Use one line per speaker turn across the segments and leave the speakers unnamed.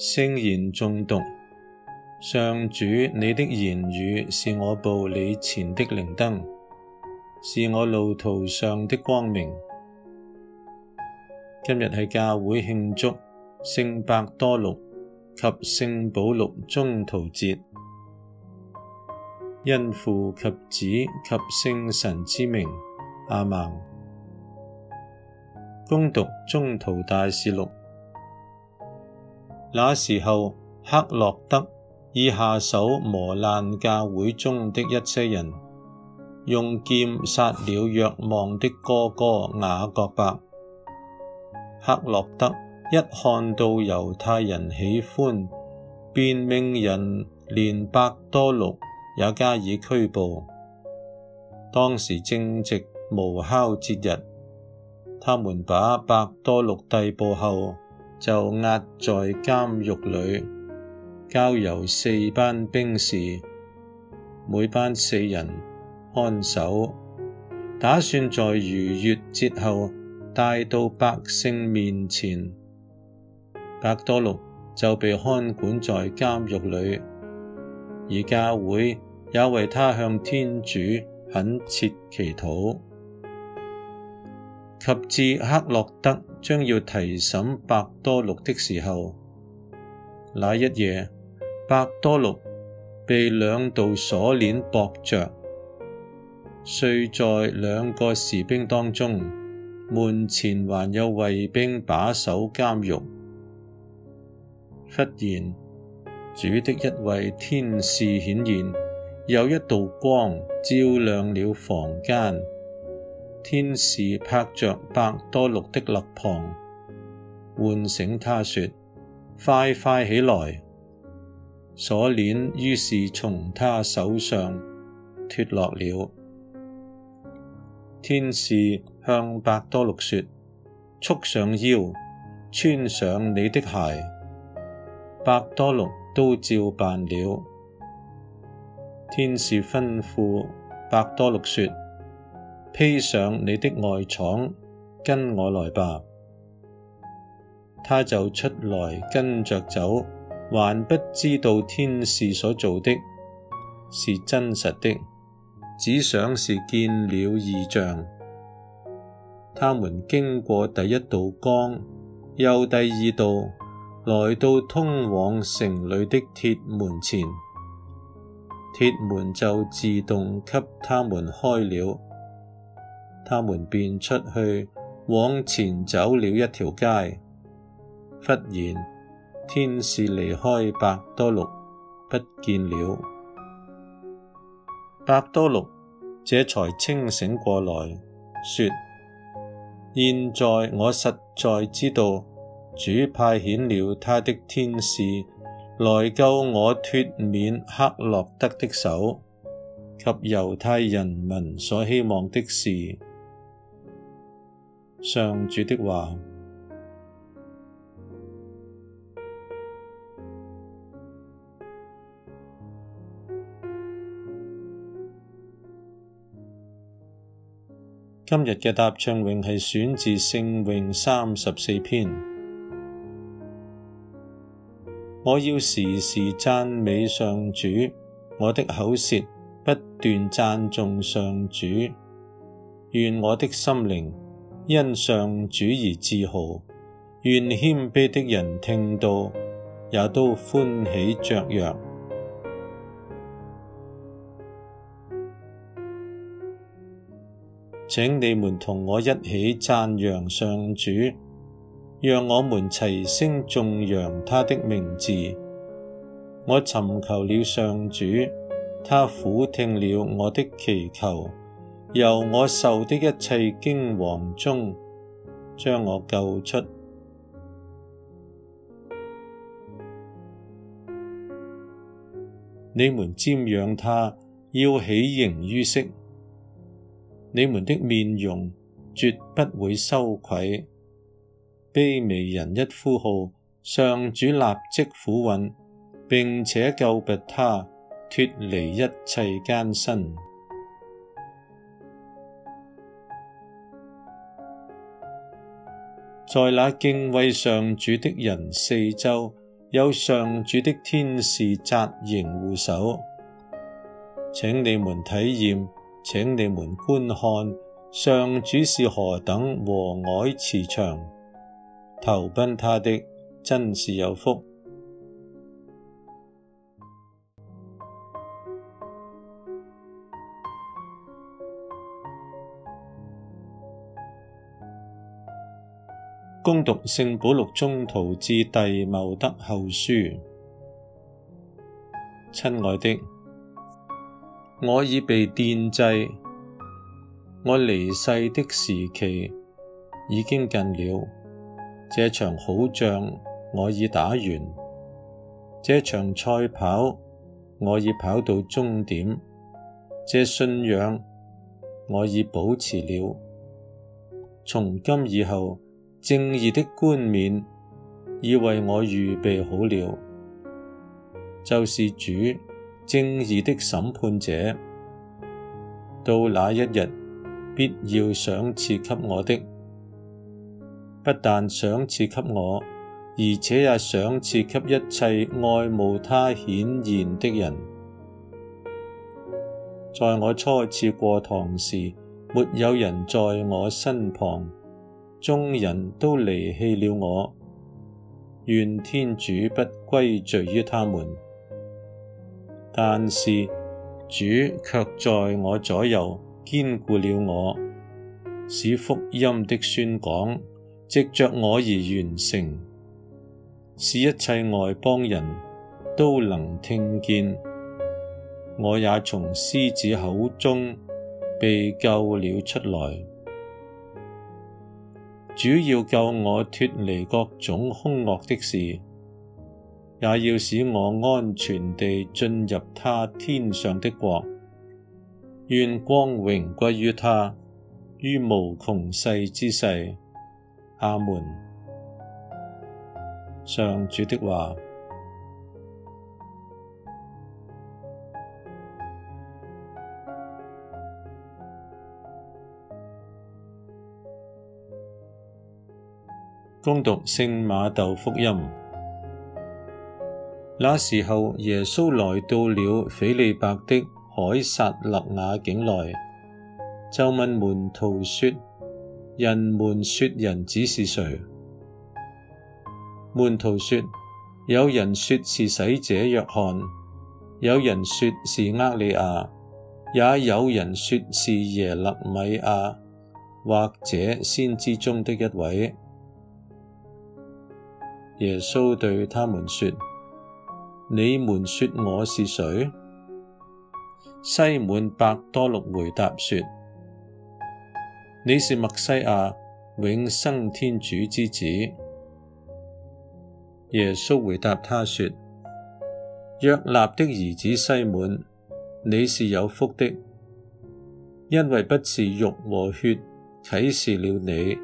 聖言誦讀，上主，你的言語是我步履前的靈燈，是我路途上的光明。今日係教會慶祝聖伯多祿及聖保祿宗徒節，因父及子及聖神之名，阿們。恭讀宗徒大事錄。那時候，黑落德已下手磨難教會中的一些人，用劍殺了若望的哥哥雅各伯。黑落德一看到猶太人喜歡，便命人連伯多祿也加以拘捕。當時正值無酵節日，他們把伯多祿逮捕後，就押在監獄裏，交由四班兵士，每班四人看守，打算在逾越節後，帶到百姓面前。伯多祿就被看管在監獄裏，而教會也為他向天主懇切祈禱，及至黑落德。將要提審伯多祿的時候，那一夜，伯多祿被兩道鎖鏈縛著，睡在兩個士兵當中，門前還有衛兵把守監獄。忽然，主的一位天使顯現，有一道光照亮了房間。天使拍着伯多祿的肋膀，喚醒他說：快快起來！鎖鏈於是從他手上脫落了。天使向伯多祿說：束上腰，穿上你的鞋。伯多祿都照辦了。天使吩咐伯多祿說：披上你的外氅，跟我來吧。他就出來跟着走，還不知道天使所做的是真實的，只想是見了異象。他們經過第一道崗，又第二道，來到通往城裏的鐵門前，鐵門就自動給他們開了。他們便出去，往前走了一條街，忽然，天使離開伯多祿，不見了。伯多祿這才清醒過來，說：現在，我實在知道，主派遣了他的天使來救我，脫免黑落德的手，及猶太人民所希望的事。上主的話。今日嘅答唱詠係選自聖詠三十四篇。我要時時讚美上主，我的口舌不斷讚頌上主，願我的心靈因上主而自豪，願謙卑的人聽到，也都歡喜雀躍。請你們同我一起讚揚上主，讓我們齊聲頌揚他的名字。我尋求了上主，他俯聽了我的祈求。由我受的一切驚惶中，將我救出。 你們瞻仰他，要喜形於色。你們的面容絕不會羞愧。卑微人一呼號，上主立即俯允，並且救拔他脫離一切艱辛。在那敬畏上主的人四周，有上主的天使紮營護守。請你們體驗，請你們觀看，上主是何等和藹慈祥。投奔他的，真是有福。恭讀聖保祿宗徒致弟茂德後書，親愛的，我已被奠祭。我離世的時期已經近了。這場好仗我已打完，這場賽跑我已跑到終點，這信仰我已保持了。從今以後，正義的冠冕已為我預備好了，就是主正義的審判者，到那一日必要賞賜給我的，不但賞賜給我，而且也賞賜給一切愛慕他顯現的人。在我初次過堂時，沒有人在我身旁。眾人都離棄了我，願天主不歸罪於他們；但是主却在我左右，堅固了我，使福音的宣講藉著我而完成，使一切外邦人都能聽見。我也從獅子口中被救了出來。主要救我脫離各種兇惡的事，也要使我安全地進入他天上的國。願光榮歸於他，於無窮世之世。阿門。上主的話。恭讀聖瑪竇福音。那時候，耶穌來到了斐理伯的凱撒勒雅境內，就問門徒說：「人們說人子是誰？門徒說：有人說是洗者若翰，有人說是厄里亞，也有人說是耶肋米亞，或者先知中的一位。耶穌對他們說：你們說我是誰？西滿伯多祿回答說：你是默西亞，永生天主之子。耶穌回答他說：約納的兒子西滿，你是有福的，因為不是肉和血啟示了你，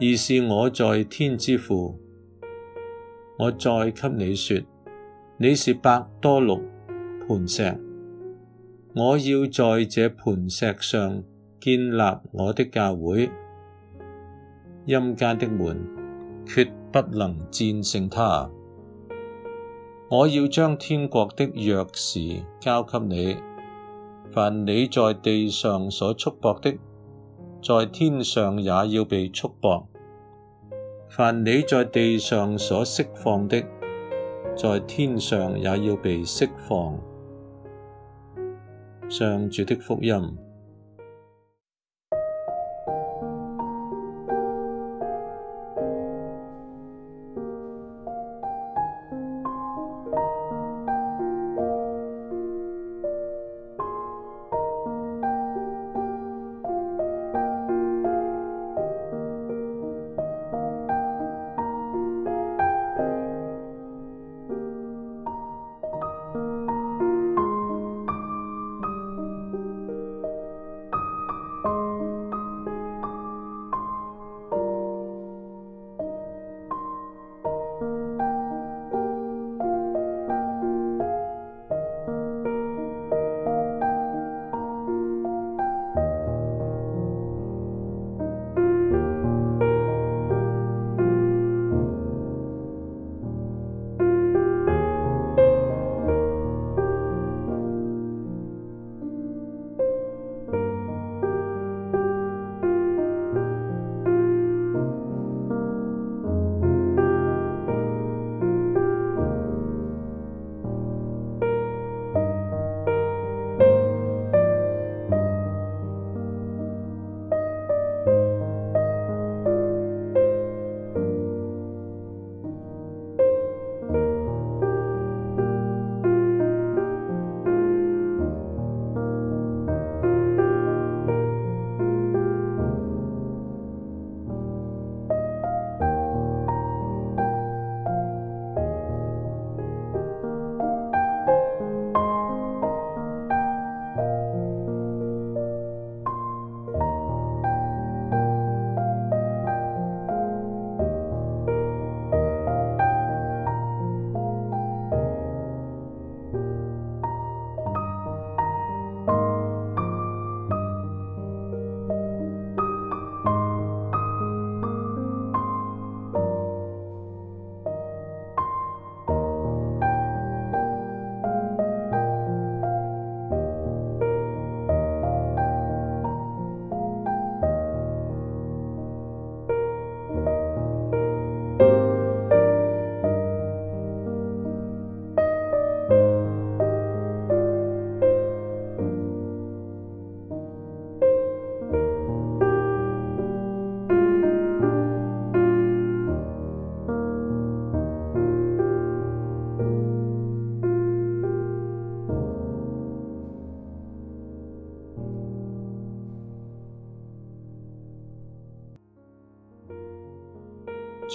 而是我在天之父。我再給你說，你是伯多祿磐石，我要在這磐石上建立我的教會，陰間的門決不能戰勝它。我要將天國的鑰匙交給你，凡你在地上所束縛的，在天上也要被束縛。凡你在地上所釋放的，在天上也要被釋放。上主的福音。